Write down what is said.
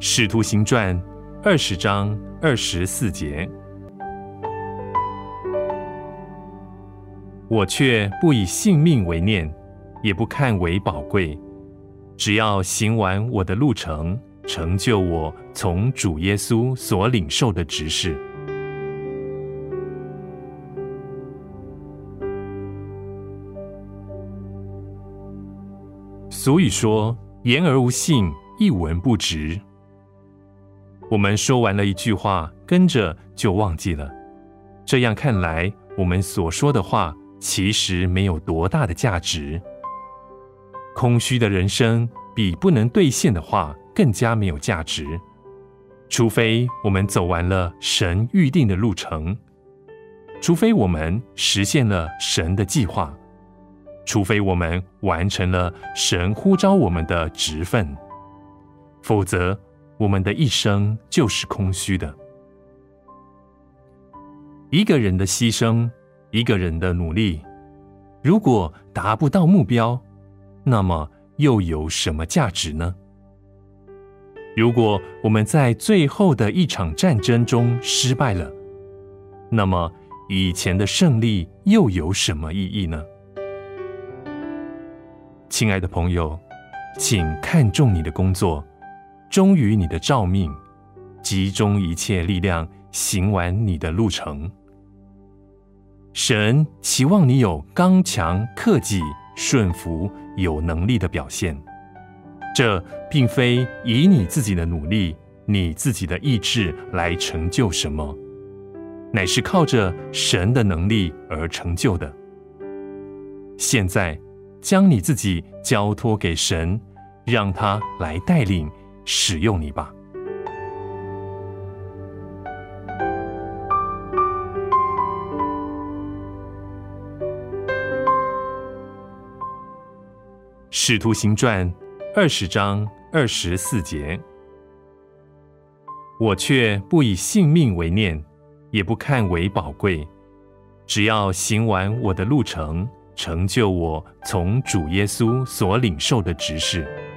《使徒行傳》二十章二十四節，我卻不以性命為念，也不看為寶貴，只要行完我的路程，成就我從主耶穌所領受的職事。所以說，言而無信，一文不值。我們說完了一句話，跟着就忘記了。這樣看來，我們所說的話其實沒有多大的價值。空虛的人生比不能兌現的話更加沒有價值。除非我們走完了神預定的路程，除非我們實現了神的計劃，除非我們完成了神呼召我們的職份，否則，我們的一生就是空虛的。一個人的犧牲，一個人的努力，如果達不到目標，那麼又有什麼價值呢？如果我們在最後的一場戰爭中失敗了，那麼以前的勝利又有什麼意義呢？親愛的朋友，請看重你的工作。忠於你的召命，集中一切力量，行完你的路程。神期望你有剛強、克己、順服、有能力的表現。這並非以你自己的努力、你自己的意志來成就什麼，乃是靠着神的能力而成就的。現在將你自己交托給神，讓他來帶領。使用你吧。《使徒行傳》二十章二十四節，我卻不以性命為念，也不看為寶貴，只要行完我的路程，成就我從主耶穌所領受的職事。